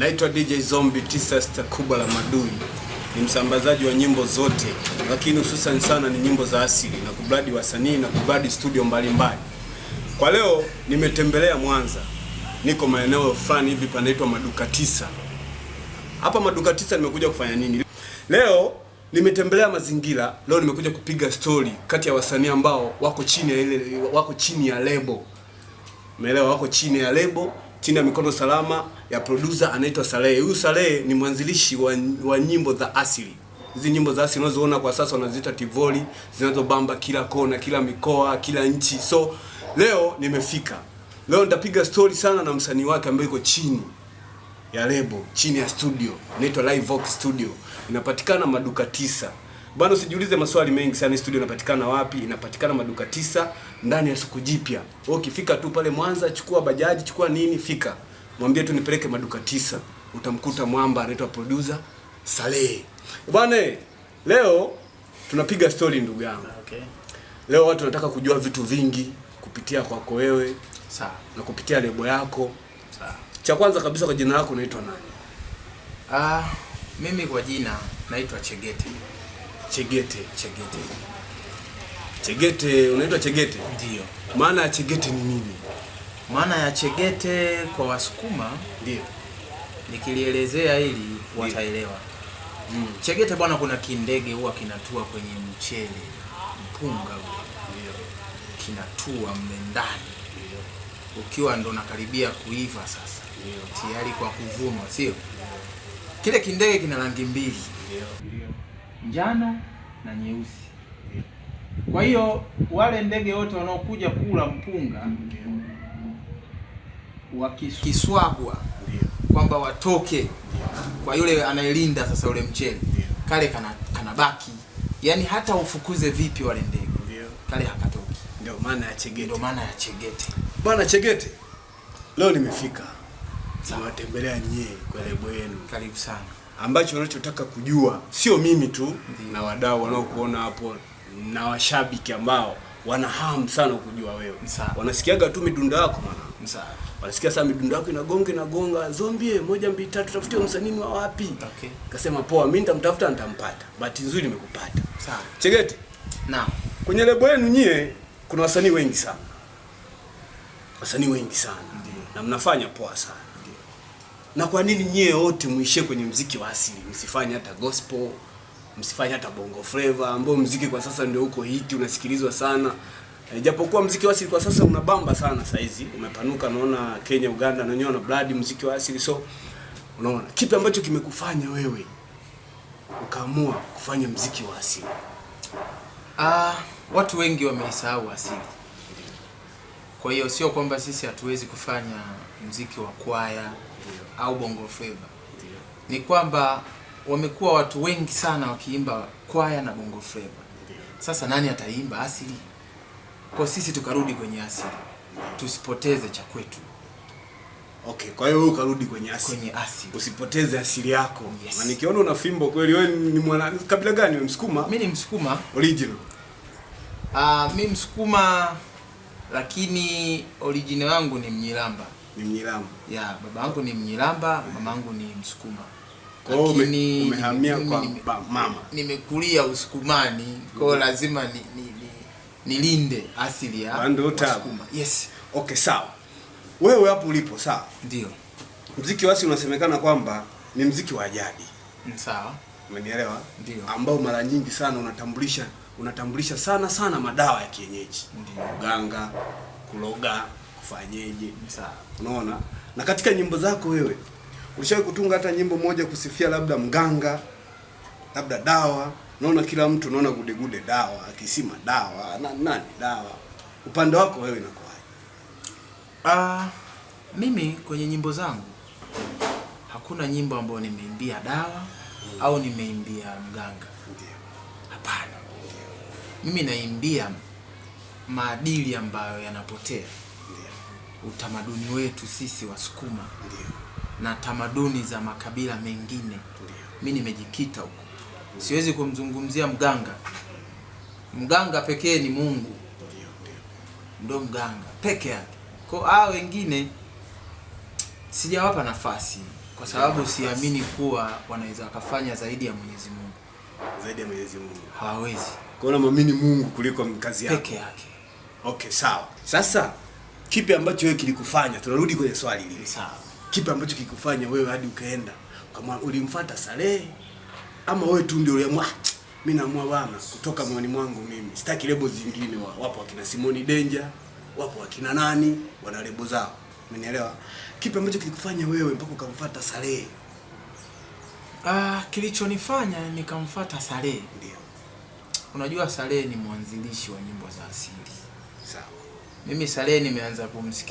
Naitwa DJ Zombie T-Sesta kubwa la Madui, ni msambazaji wa nyimbo zote, lakini hususan sana ni nyimbo za asili na kubradi wasanii na kubradi studio mbalimbali. mbali. Kwa leo nimetembelea Mwanza, niko maeneo fulani hivi panaitwa Maduka Tisa. Hapa Maduka Tisa nimekuja kufanya nini leo? Nimetembelea mazingira leo, nimekuja kupiga story kati ya wasanii ambao wako chini ya ile, wako chini ya lebo, umeelewa, wako chini ya lebo chini ya mikono salama ya producer anaitwa Salehe. Huyu Salehe ni mwanzilishi wa, wa nyimbo za asili. Hizi nyimbo za asili unazoona kwa sasa wanaziita tivoli zinazobamba kila kona, kila mikoa, kila nchi. So leo nimefika, leo nitapiga story sana na msanii wake ambaye yuko chini ya lebo, chini ya studio inaitwa Live Vox Studio, inapatikana maduka tisa. Bwana usijiulize maswali mengi sana. Studio inapatikana wapi? Inapatikana maduka tisa ndani ya soko jipya. Ukifika tu pale Mwanza, chukua bajaji, chukua nini, fika mwambie tu nipeleke maduka tisa, utamkuta mwamba anaitwa producer Saleh. Bwana leo tunapiga story ndugu yangu. Okay. Leo watu wanataka kujua vitu vingi kupitia kwako wewe sawa, na kupitia lebo yako sawa. Cha kwanza kabisa, kwa jina lako unaitwa nani? Ah, mimi kwa jina naitwa Chegete. Chegete. Chegete. Chegete, unaitwa Chegete? Ndio. Maana ya Chegete ni nini? Maana ya Chegete kwa Wasukuma, ndio nikilielezea hili wataelewa. Mm. Chegete bwana, kuna kindege huwa kinatua kwenye mchele mpunga ndio kinatua mle ndani ukiwa ndo nakaribia kuiva sasa, tayari kwa kuvunwa, sio? Kile kindege kina rangi mbili njano na nyeusi. Kwa hiyo wale ndege wote wanaokuja kula mpunga wakiswagwa kwamba watoke kwa yule anayelinda sasa yule mchele kale kana baki yani hata ufukuze vipi wale ndege kale hakatoki. Ndio maana ya Chegete, ndio maana ya Chegete. Bwana Chegete, leo nimefika, nawatembelea nyie kwa lebo yenu. Karibu sana ambacho unachotaka kujua, sio mimi tu na wadau wanaokuona hapo na washabiki ambao wana hamu sana kujua wewe, wanasikiaga tu midundo yako mwana, wanasikia sana midundo yako inagonga inagonga, zombie moja mbili tatu, tafutie msanii wa wapi? Okay, kasema poa, mimi nitamtafuta nitampata. Bahati nzuri nimekupata. Sawa Chegeti. naam, kwenye lebo yenu nyie kuna wasanii wengi sana, wasanii wengi sana Ndi. na mnafanya poa sana na kwa nini nyie wote muishie kwenye mziki wa asili? Msifanye hata gospel, msifanye hata bongo flavor, ambao mziki kwa sasa ndio uko hiti unasikilizwa sana. Eh, japokuwa mziki wa asili kwa sasa unabamba sana saizi, umepanuka naona Kenya, Uganda na wenyewe na blood mziki wa asili. So unaona kipi ambacho kimekufanya wewe ukaamua kufanya mziki wa asili? Ah, watu wengi wameisahau asili kwa hiyo sio kwamba sisi hatuwezi kufanya mziki wa kwaya au bongo fleva, ni kwamba wamekuwa watu wengi sana wakiimba kwaya na bongo fleva. Sasa nani ataimba asili? Kwa sisi tukarudi kwenye asili, tusipoteze cha kwetu. Okay, kwa hiyo wewe ukarudi kwenye asili. Kwenye asili. Usipoteze asili yako. Yes. Na nikiona una fimbo kweli wewe ni mwana kabila gani? wewe Msukuma? Mimi ni Msukuma. Original. Ah, uh, mimi Msukuma lakini orijini wangu ni Mnyiramba. Ni Mnyiramba. Ya, baba yangu ni Mnyiramba, mama yangu ni Msukuma. hiyo umehamia kwa mama. Nimekulia Usukumani, kwa hiyo mm-hmm. lazima ni, ni, ni, nilinde asili ya Usukuma. Yes. Okay, sawa. Wewe hapo ulipo sawa? Ndio. Mziki wasi unasemekana kwamba ni mziki wa jadi. Sawa umenielewa? Ndio. Ambao mara nyingi sana unatambulisha unatambulisha sana sana madawa ya kienyeji. Ndio. Uganga, kuloga, kufanyeje? Sawa. Unaona? Na katika nyimbo zako wewe ulishawahi kutunga hata nyimbo moja kusifia labda mganga, labda dawa? Naona kila mtu naona gudegude dawa, akisima dawa, na, nani dawa. Upande wako wewe inakuwaje? Ah, mimi kwenye nyimbo zangu hakuna nyimbo ambayo nimeimbia dawa Mm. au nimeimbia mganga? Hapana, mimi naimbia maadili ambayo yanapotea, utamaduni wetu sisi Wasukuma na tamaduni za makabila mengine. Mimi nimejikita huko, siwezi kumzungumzia mganga. Mganga pekee ni Mungu, ndo mganga peke yake. Kwa hao wengine sijawapa nafasi kwa sababu siamini kuwa wanaweza wakafanya zaidi ya Mwenyezi Mungu, zaidi ya Mwenyezi Mungu hawawezi. Kwa hiyo namwamini Mungu kuliko kazi yake peke yake. Okay, sawa. Sasa kipi ambacho wewe kilikufanya, tunarudi kwenye swali hili sawa, kipi ambacho kilikufanya wewe hadi ukaenda kama ulimfuata Salehe, ama wewe tu ndio uliamua ah, mimi naamua bana, kutoka moyoni mwangu mimi sitaki lebo zingine. Wapo wakina Simoni Denja, wapo wakina nani, wana lebo zao Umenielewa? Kipi ambacho kilikufanya wewe mpaka ukamfuata Salehe? Ah, kilichonifanya nikamfuata Salehe. Ndio. Unajua Salehe ni mwanzilishi wa nyimbo za asili. Sawa. Mimi Salehe nimeanza kumsikia